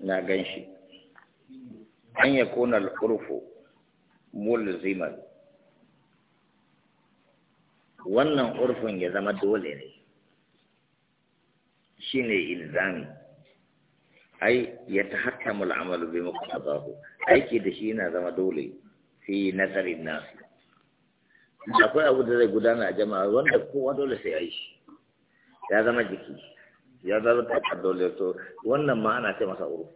na gan shi an ya kona al'urfu mulziman wannan urfin ya zama dole ne shi ne ilzami ai ya ta hatta mul'amalu bai muku abahu aiki da shi yana zama dole fi nazarin nasu akwai abu da zai gudana a jama'a wanda kowa dole sai aishi. ya zama jiki ya zarta a dole to wannan ma ana ce masa urufi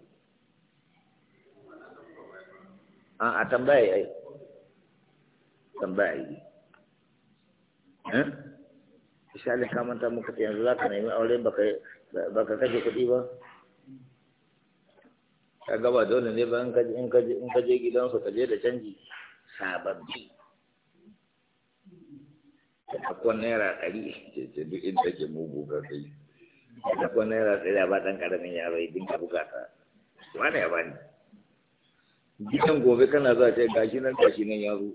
a tambaya ai tambaya yi eh misali ka manta muka ce yanzu za ka nemi aure ba ka kaje kuɗi ba ka gaba dole ne ba in ka je gidansu ka je da canji sababbi akwai naira ɗari ce ce duk in take mugu ga kai da ko naira ɗari a ba ɗan ƙaramin yaro ya dinga buga ta wani ya bani gidan gobe kana za ta gashi nan gashi nan yaro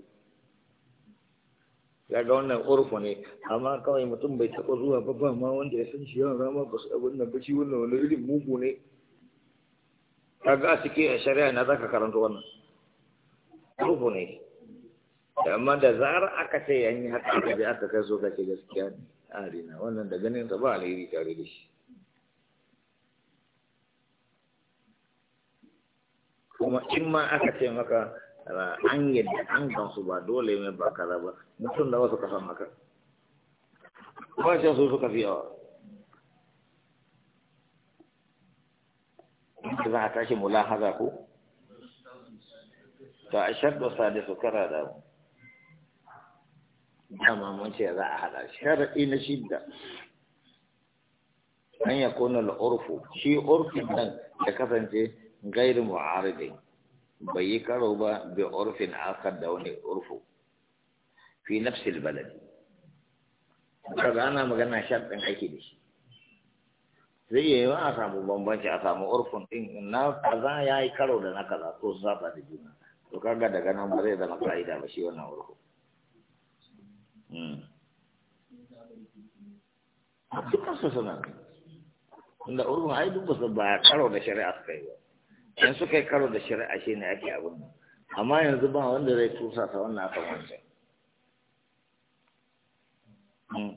ya ga wannan urfu ne amma kawai mutum bai taɓa zuwa ba ba ma wanda ya san shi yawan rama ba su abin nan ba shi wannan wani irin mugu ne kaga ga suke a shari'a na zaka karanta wannan urfu ne amma da zarar aka ce yanyi haka aka je aka kai so kake gaskiya ne arina wannan da ganin ta ba alheri tare da shi kuma in ma aka ce maka an yadda an gansu ba dole mai ba kaza ba mutum da wasu kasan maka shi su suka fi yawa inda za a tashi haza ko to a shaɗa sadi su kara da mu dama mun ce za a haɗa sharaɗi na shidda an ya kona al'urfu shi urfin nan ya kasance غير معارض بيكروا بعرف آخر دون عرفه في نفس البلد Kada ana magana sharɗin ake da shi zai yi ma a samu bambanci a samu urfin ɗin na kaza ya yi karo da na kaza ko su saba da juna to kaga daga nan ba zai zama ka'ida ba shi wannan a dukkan su suna inda urfin ai duk ba karo da shari'a suka yi ba in suka yi karo da shari'a shi ne ake abin nan amma yanzu ba wanda zai tusa ta wannan akan wancan hmm.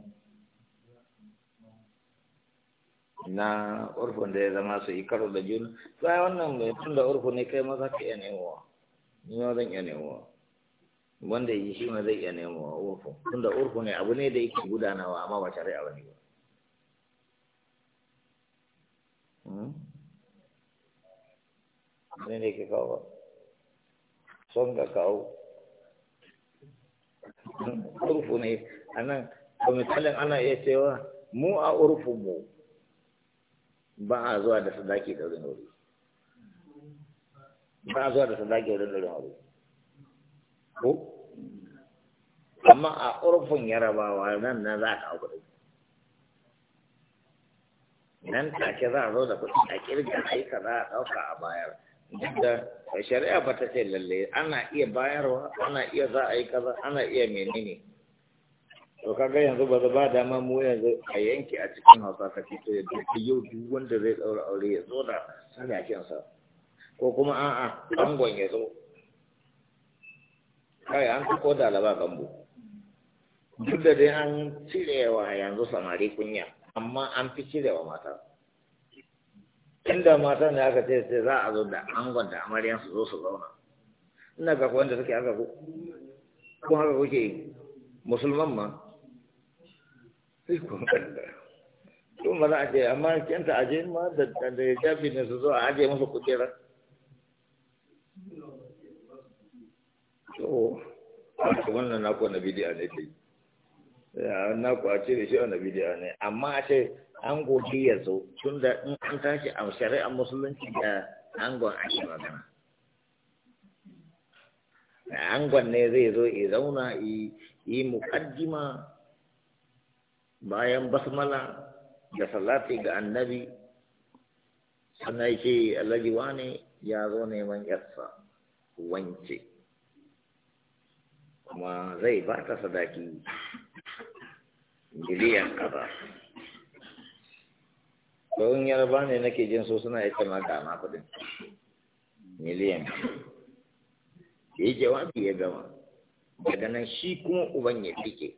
na urfin da ya zama su yi karo da juna to ai wannan mai tun da urfin ne kai maza ka iya nemowa ni ma zan iya nemowa wanda yi shi ma zai iya nemowa urfin tun da urfin ne abu ne da yake gudanawa amma ba shari'a ba ne ba ne ne ke kawo son ga kawo urfu ne a nan ba misalin ana iya cewa mu a urfu mu ba a zuwa da sadaki da wurin wuri ba a zuwa da sadaki wurin wurin wuri amma a urfin yarabawa nan na za ka kuɗi nan take za a zo da kuɗi a kirga a yi kaza a ɗauka a baya. da shari'a ba ta ce lalle ana iya bayarwa ana iya za a yi kaza ana iya menene to kaga yanzu ba za ba dama mu yanzu a yanki a cikin hausa ka fito ya duki yau duk wanda zai tsaura aure ya zo da sadakinsa ko kuma a'a bangon ya zo kai an ta ko dalaba gambo duk da dai an cirewa yanzu samari kunya amma an fi cirewa mata inda mata ne aka ce sai za a zo da angon da amaryan su zo su zauna ina ga wanda suke aka ko ko haka kuke yi musulman ma sai ku to mana za a ce amma kenta aje ma da da jafi ne su zo a aje musu kujera to wannan na ko na bidiya ne dai na ko a ce shi na bidiya ne amma a ce an gobe ya zo tun da in an tashi a shari'ar musulunci da angon ake magana angon ne zai zo ya zauna yi muƙaddima bayan basmala da salati ga annabi sannan ce alajiwa ne ya zo neman yarsa wance kuma zai ba ta sadaki miliyan kaza Domin yarba ne nake jin so suna ita ma ga ma kudin. Miliyan. Ya yi jawabi ya gama. Daga nan shi kuma uban ya fike.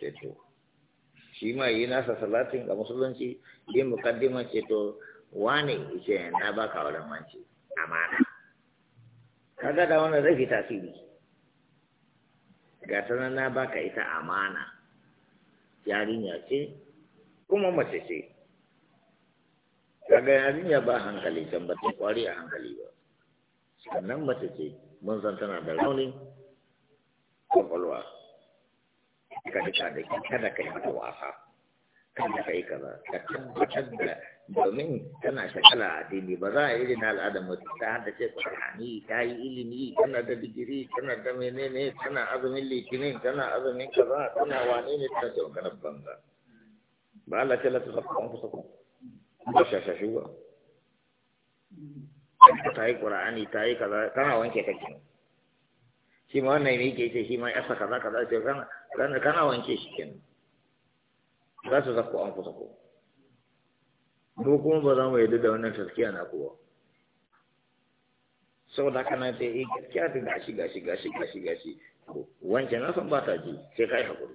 Ceto. Shi ma yi nasa salatin ga musulunci yi mukaddima ceto wane ce na baka wurin manci, amana. Kaga da wani zai tasiri. Ga na baka ita amana. Yarinya ce kuma mace ce. kaga yarinya ba hankali can ba ta kwari a hankali ba sannan mace ce mun san tana da raunin kwakwalwa kada ka da kada ka yi mata wasa kada ka yi kaza ka tabbatar da domin tana shakala a dini ba za a na al'adar mutu ta haddace ƙwarani ta yi ilimi tana da digiri tana da menene tana azumin litinin tana azumin kaza tana wane ne tana shaukanar banza ba Allah ce la tuka kuma kusa kuma ba shashashu ba ta yi ƙura'ani ta yi kaza kana wanke kake shi ma wannan ne yake ce shi ma yasa kaza kaza ce kana kana wanke shi kenan za su zaku an kusa ko mu kuma ba za mu yadda da wannan taskiya na kowa saboda haka na ce eh gaskiya ta gashi gashi gashi gashi gashi wancan na san ba ta ji sai ka yi hakuri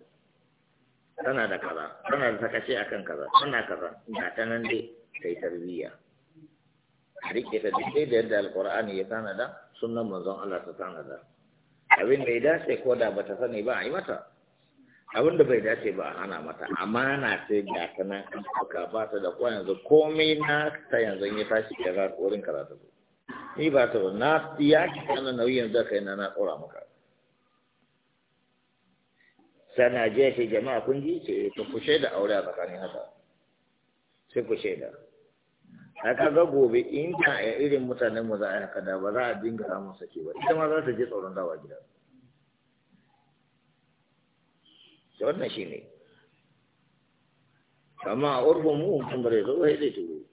tana da kaza tana da sakace akan kaza tana kaza ga ta nan dai kai tarbiyya a rike ta duk da yadda alkur'ani ya tanada sunan manzon Allah ta tanada abin bai dace ko da bata sani ba a yi mata abin da bai dace ba a hana mata amana ce ga ta nan an suka ba ta da ko yanzu komai na ta yanzu ya tashi da wurin karatu ni ba ta ba na ya ki kana nauyin da kai na na tsora maka sana je ce jama'a kun ji ce ku shaida aure a tsakanin haka sai ku shaida a kaga gobe in ta a irin mutanen mu za a haka da ba za a dinga samun sake ba ita ma za ta je tsoron dawa gida da wannan shi ne amma a urfin mu mutum bare zo sai zai turu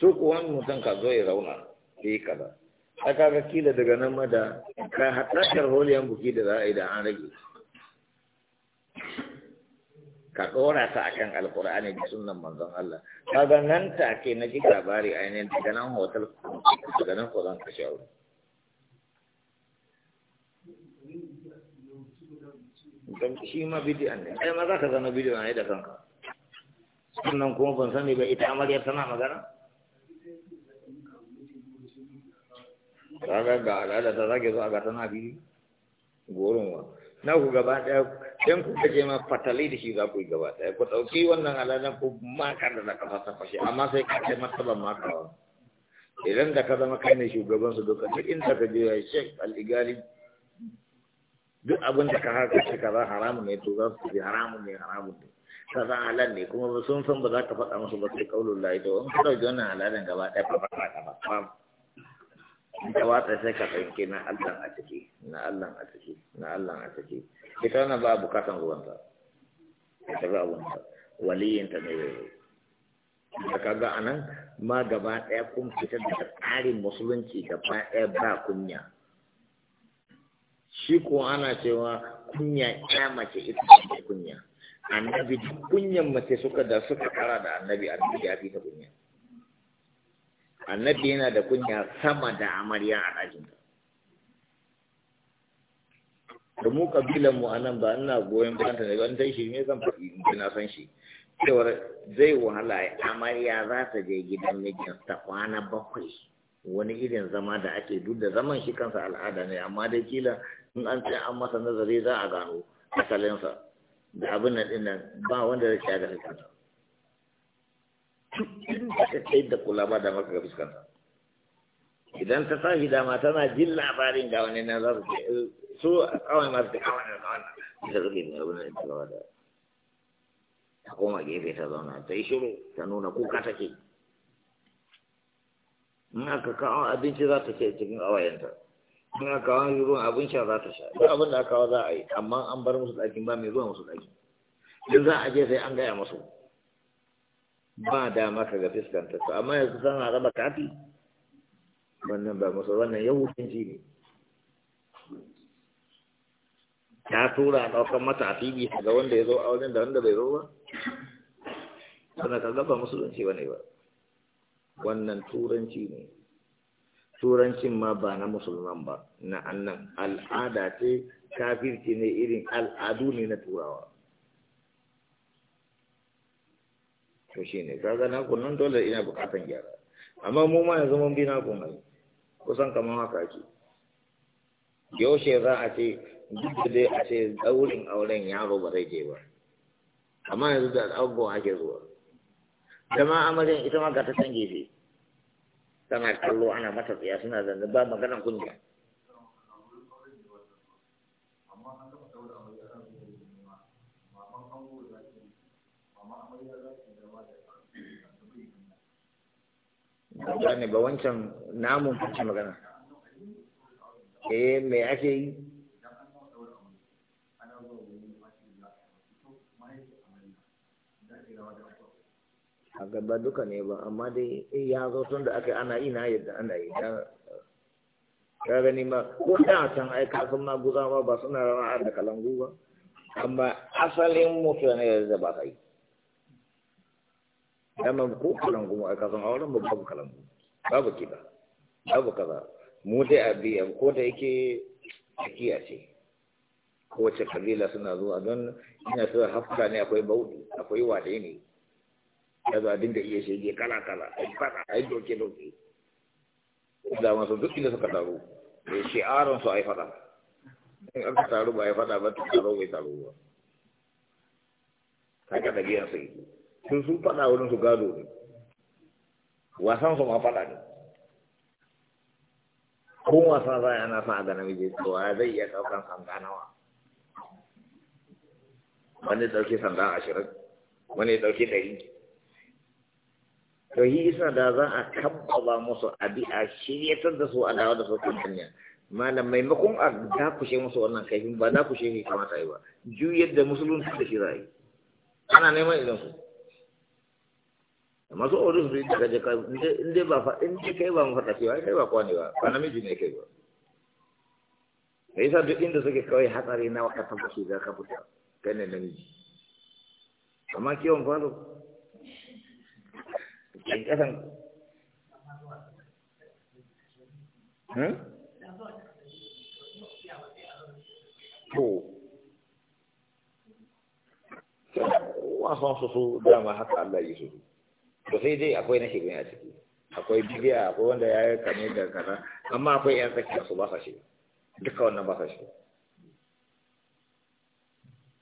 su kuwa mutum ka zo ya zauna? sai kaza a kaga kila daga nan ma da ka hatta sharholiyan buki da za a yi da an rage ka ɗora ta akan alkur'ani da sunan manzon Allah kaga nan take na ji labari yanayin daga nan hotel daga nan ko ka kashe aure shi ma bidiyan ne ai ma za ka zama bidiyan ne da kanka Sunan kuma ban sani ba ita amarya tana magana kaga ga al'ada ta zage zuwa ga tana biyu goron wa na ku gaba ɗaya in kuka je ma fatali da shi za ku yi gaba ɗaya ku ɗauki wannan alalan ku makar da ka fasa fashe amma sai ka kai martaban makawa idan da ka zama kai ne shugaban su duka duk inda ka je ya shek al'igali duk abin da ka harka shi kaza haramun ne to za su haramun ne haramun ne za halal ne kuma sun san ba za ka faɗa musu ba sai kaulun layi to in ka ɗauki wannan halalin gaba ɗaya ba ba ba ba da watsa sai ka tsanke na Allah a ciki na Allah a ciki na Allah a ciki ita wannan ba bukatan ruwanta ta, ba ruwanta ta ne ya yi da kaga anan ma gaba ɗaya kun fita da tsarin musulunci gaba ɗaya ba kunya shi ko ana cewa kunya ya mace ita ce kunya annabi kunyan mace suka da suka kara da annabi annabi ya fi ta kunya annabi yana da kunya sama da amarya a ɗakin da mu kabilan mu anan ba ina goyon banta ne ban dai shi ne zan faɗi in san shi cewar zai wahala amarya za ta je gidan mijin ta kwana bakwai wani irin zama da ake duk da zaman shi kansa al'ada ne amma dai kila in an ce an masa nazari za a gano asalinsa da abin nan ɗin ba wanda zai da kansa ka tsayar da kulama da maka ga fuskanta idan ta sa hidama tana jin labarin ga wani na za su ce eh, su kawai masu ta kawai na kawai na kawai na mai abin da ta gaba da ta koma gefe ta zauna ta yi shiru ta nuna kuka take in aka kawo abinci za ta ce cikin awayenta in aka kawo ruwan abinci za ta sha duk abin da aka kawo za a yi amma an bar musu ɗakin ba mai zuwa musu ɗakin in za a je sai an gaya musu ba dama ka ga fiskanta to amma yanzu a raba kafi wannan ba musu wannan hukunci ne Ya tura a ɗaukan mata a fili ga wanda ya zo a wajen da wanda bai zo ba sannan ka gaba musulunci ba ne ba wannan turanci ne turancin ma ba na musulman ba na annan al'ada ce kafirci ne irin al'adu ne na turawa to shi ne kaga na nan dole ina bukatan gyara amma mu ma yanzu mun bi na mai kusan kamar haka ake yaushe za a ce duk da dai a ce daurin auren yaro ba zai je ba amma yanzu da abubuwan ake zuwa dama amarin ita ma ga ta san gefe tana kallo ana mata tsaya suna zanzu ba maganan kunya gane ba wancan namun kake magana eh me ake yi a gaba duka ne ba amma dai eh, ya zo tun da aka ana ina yadda ana yi ta gani ma ko da can ai kafin ma guza ba suna rawa da kalangu ba amma asalin mutu ne da ba kai dama ko kalan goma a kasan auren mu babu kalangu babu kiba babu kaza mu dai a biyan ko da yake tsakiya ce kowace kabila suna zuwa don ina tura hafta ne akwai bauɗi akwai wade ne ya a dinga iya shege kala kala a yi fata a yi doke doke da masu duk inda suka taru da ya aron su a yi fata in an taru ba a yi fata ba ta taro bai taro ba kaga da biyan yi sun sun faɗa wurin su gado ne wasan su ma faɗa ne ko wasan za ana sa ga namiji cewa zai iya ɗaukan sanda nawa wani ɗauki sanda ashirin wani ɗauki ɗari to yi isa da za a kammala musu abi a shiryatar da su a dawo da su kan hanya malam maimakon a dakushe musu wannan kaifin ba dakushe shi kamata yi ba juyar da musulunci da shi za a yi ana neman idan su masu so su daga kaje kai ba fa inda kai ba mu fada cewa kai ba kwani ba ba namiji ne kai ba sai sa duk inda suke kawai hatsari na waka ta fushi za ka fita kai ne namiji amma kiwon falo kin kasan hmm wa san su su dama haka Allah ya yi to sai dai akwai na shiga a ciki akwai bibiya akwai wanda ya yi kame da kaza amma akwai yan tsakiya su ba sa shiga duka wannan ba sa shiga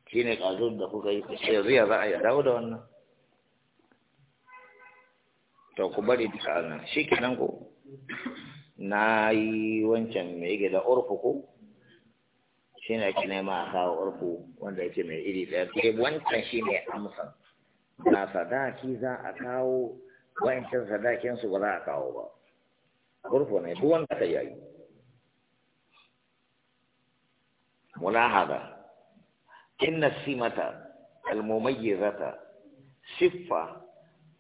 shi ne ƙazun da kuka yi kusa yanzu ya za a yi dawo da wannan to ku bari duka a nan shi kenan ku na yi wancan mai yake da urfu shi ne ake nema a kawo orfu wanda yake mai iri ɗaya wancan shi ne amsa na sadaki za a kawo wancan sadakinsu ba za a kawo ba gurfu ne duk wanda ta yayi mulahada inna simata almumayyizata siffa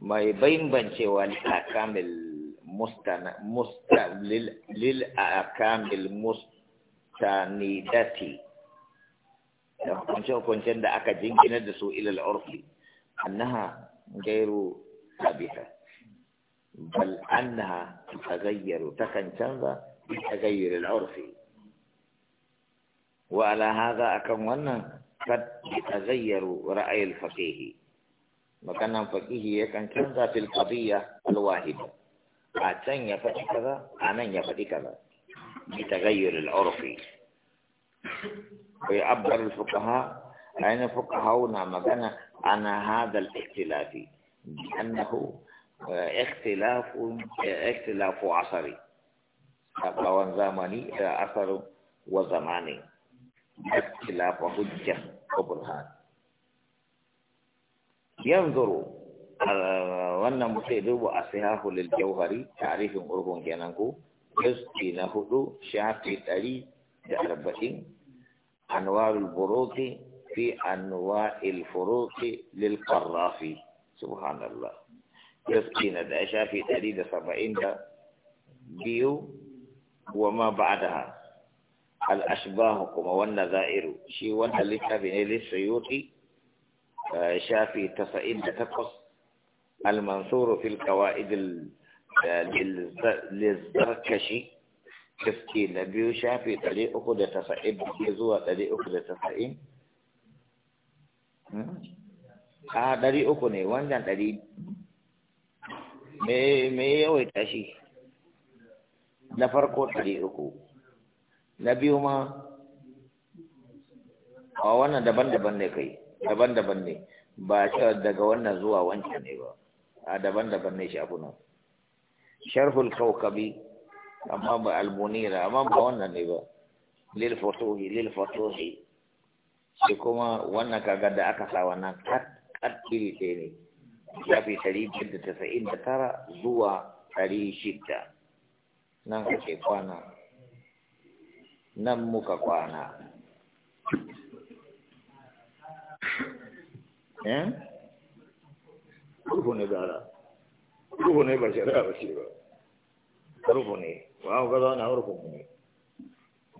mai bambancewa li'akamil musta lil akamil mustanidati da hukunce-hukuncen da aka jinkinar da su ilal urfi أنها غير ثابتة بل أنها تتغير تكن بتغير العرف وعلى هذا أكم أن قد يتغير رأي الفقيه وكان فقيه يكن تنزى في القضية الواحدة أتن يفتي كذا أمن يفتي كذا بتغير العرف ويعبر الفقهاء أين فقهونا مبنى عن هذا الاختلاف لأنه آه، اختلاف اختلاف عصري أو زماني أثر آه، وزماني اختلاف حجة وبرهان ينظر وأن آه، مسيد وأصحاه للجوهري تعريف مرهون جنانكو يزكي نهدو شاكي تري أنوار البروتي في أنواع الفروق للقرافي سبحان الله يسقينا العشاء في تريد سبعين بيو وما بعدها الأشباه كما والنذائر شي وانا لتابين للسيوطي آه، شافي تسعين تقص المنصور في القواعد آه، للزركشي كسكي بيو شافي تلي أخذ تسعين بيزوة تلي أخذ تسعين Hmm? a ah, ɗari uku ne wancan ɗari me yawaita shi na farko ɗari uku na biyu ma a wannan daban-daban ne kai daban-daban ne ba cewa daga wannan zuwa wancan ne ba a daban-daban ne shafunan sharhul kawkabi amma ba almunira amma ba wannan ne ba lil fatuhi lil fatuhi shi kuma wannan kaga da aka sa wannan kat iri ɗaya ne shafi ɗari biyar da tasa'in da tara zuwa ɗari shida nan kake kwana nan muka kwana eh ne gara ruhu ne ba shari'a ba shi ba ruhu ne ba gaza na ruhu ne